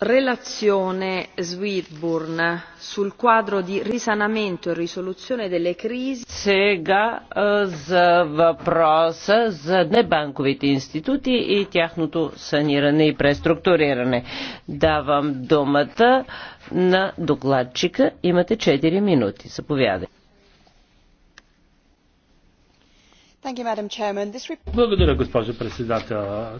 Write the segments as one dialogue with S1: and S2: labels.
S1: Relazione Swinburne sul quadro di risanamento e risoluzione delle crisi. Сега за въпроса за небанковите институти и тяхното саниране и преструктуриране. Давам думата на докладчика. Имате 4 минути. Заповядайте.
S2: Благодаря, госпожо председател.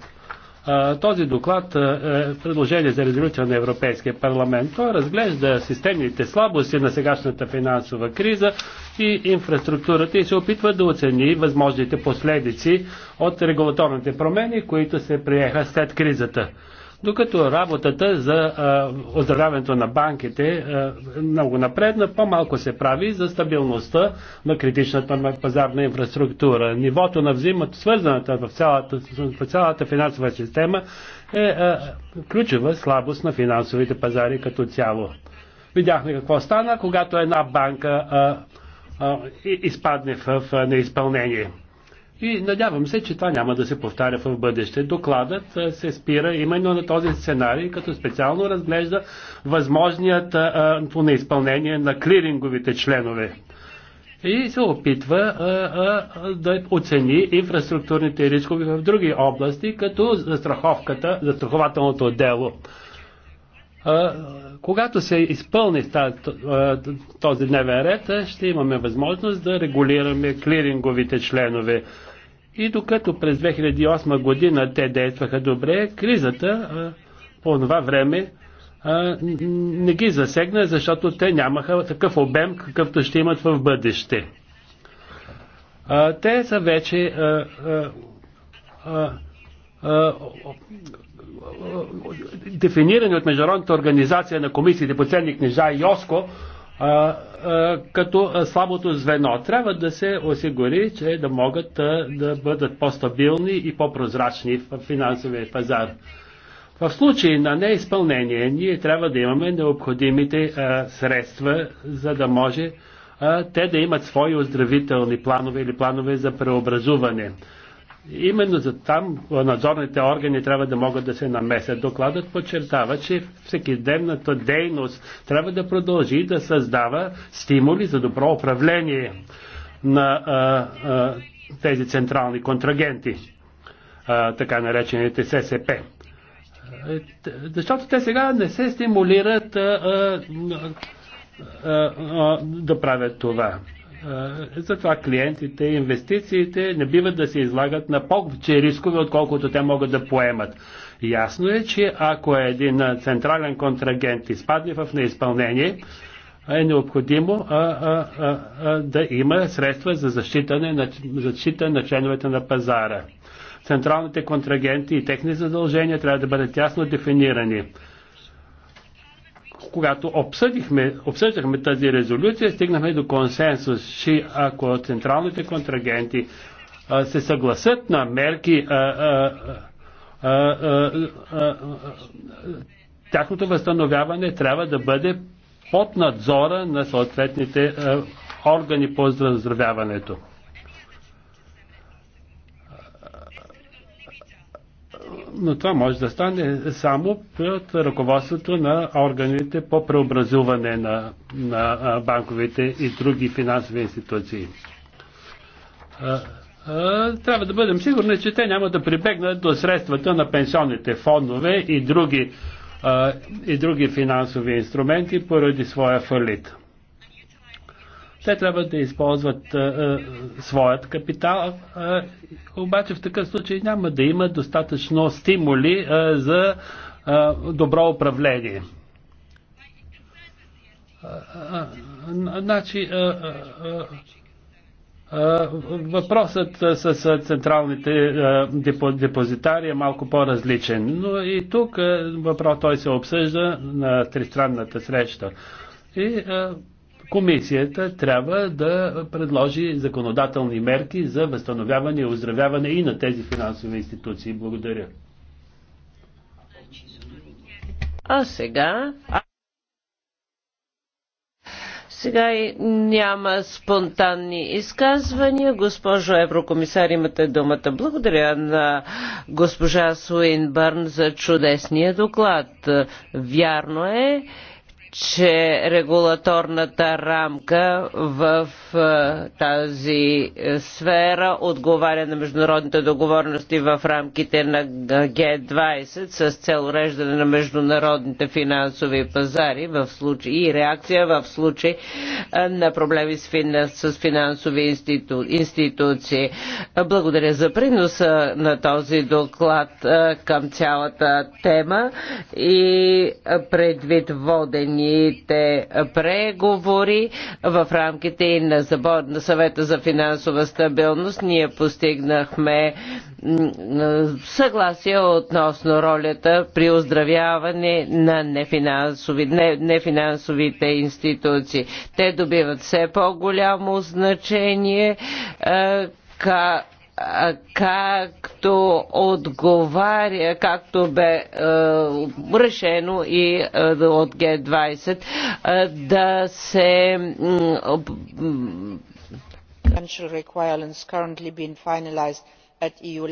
S2: Този доклад е предложение за резолюция на Европейския парламент. Той разглежда системните слабости на сегашната финансова криза и инфраструктурата и се опитва да оцени възможните последици от регулаторните промени, които се приеха след кризата. Докато работата за оздравяването на банките е много напредна, по-малко се прави за стабилността на критичната пазарна инфраструктура. Нивото на взимат, свързаната в цялата, в цялата финансова система е ключова слабост на финансовите пазари като цяло. Видяхме какво стана, когато една банка а, а, изпадне в в неизпълнение. И надявам се, че това няма да се повтаря в бъдеще. Докладът се спира именно на този сценарий, като специално разглежда възможният по неизпълнение на клиринговите членове. И се опитва а, а, да оцени инфраструктурните рискове в други области, като застраховката, застрахователното дело. А, когато се изпълни този дневен ред, ще имаме възможност да регулираме клиринговите членове. И докато през 2008 година те действаха добре, кризата по това време не ги засегна, защото те нямаха такъв обем, какъвто ще имат в бъдеще. Те са вече дефинирани от Международната организация на комисиите по ценни книжа и ЙОСКО като слабото звено. Трябва да се осигури, че да могат да бъдат по-стабилни и по-прозрачни в финансовия пазар. В случай на неизпълнение ние трябва да имаме необходимите а, средства, за да може а, те да имат свои оздравителни планове или планове за преобразуване. Именно за там надзорните органи трябва да могат да се намесят. Докладът подчертава, че всекидневната дейност трябва да продължи да създава стимули за добро управление на а, а, тези централни контрагенти, а, така наречените ССП. Защото те сега не се стимулират а, а, а, а, да правят това. Е, затова клиентите инвестициите не биват да се излагат на повече рискове, отколкото те могат да поемат. Ясно е, че ако един централен контрагент изпадне в неизпълнение, е необходимо а, а, а, а, да има средства за защита на, защита на членовете на пазара. Централните контрагенти и техни задължения трябва да бъдат ясно дефинирани когато обсъдихме, обсъждахме тази резолюция, стигнахме до консенсус, че ако централните контрагенти а, се съгласят на мерки, а, а, а, а, а, тяхното възстановяване трябва да бъде под надзора на съответните а, органи по здравяването. но това може да стане само пред ръководството на органите по преобразуване на, на банковите и други финансови институции. Трябва да бъдем сигурни, че те няма да прибегнат до средствата на пенсионните фондове и други, и други финансови инструменти поради своя фалит. Те трябва да използват а, а, своят капитал, а, обаче в такъв случай няма да има достатъчно стимули а, за а, добро управление. Значи, въпросът с централните депозитари е малко по-различен, но и тук въпрос той се обсъжда на тристранната среща. И комисията трябва да предложи законодателни мерки за възстановяване и оздравяване и на тези финансови институции. Благодаря.
S1: А сега... Сега няма спонтанни изказвания. Госпожо Еврокомисар, имате думата. Благодаря на госпожа Суинбърн за чудесния доклад. Вярно е, че регулаторната рамка в е, тази сфера отговаря на международните договорности в рамките на Г20 с цел уреждане на международните финансови пазари в случай, и реакция в случай е, на проблеми с, финанс, с финансови институ, институции. Благодаря за приноса на този доклад е, към цялата тема и предвид водени последните преговори в рамките и на, забор, на съвета за финансова стабилност ние постигнахме съгласие относно ролята при оздравяване на нефинансови, не, нефинансовите институции. Те добиват все по-голямо значение. Е, както отговаря, както бе е, решено и е, от Г20 е, да се е, at eu е,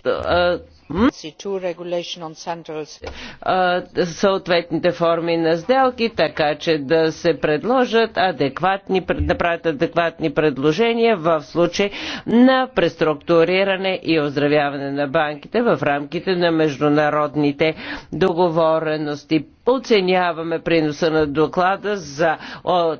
S1: е, съответните форми на сделки, така че да се предложат адекватни, да правят адекватни предложения в случай на преструктуриране и оздравяване на банките в рамките на международните договорености. Оценяваме приноса на доклада за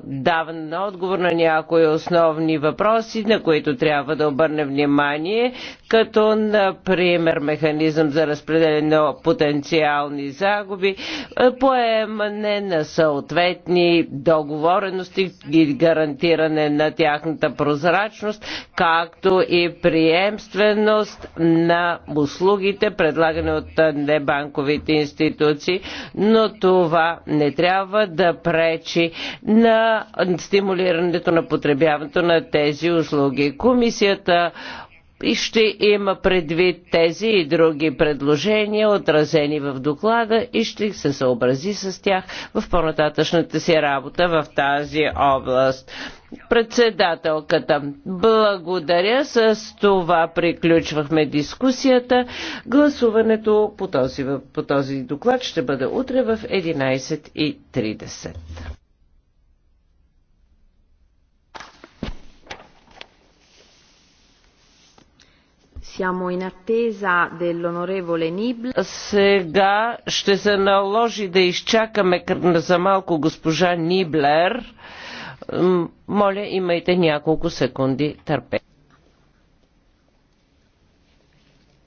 S1: даване на отговор на някои основни въпроси, на които трябва да обърнем внимание, като например механизъм за разпределение на потенциални загуби, е, поемане на съответни договорености и гарантиране на тяхната прозрачност, както и приемственост на услугите, предлагане от небанковите институции, но това не трябва да пречи на стимулирането на потребяването на тези услуги. Комисията и ще има предвид тези и други предложения, отразени в доклада и ще се съобрази с тях в по-нататъчната си работа в тази област. Председателката, благодаря. С това приключвахме дискусията. Гласуването по този, по този доклад ще бъде утре в 11.30. Siamo in attesa dell'onorevole Сега ще се наложи да изчакаме за малко госпожа Ниблер. Моля, имайте няколко секунди търпение.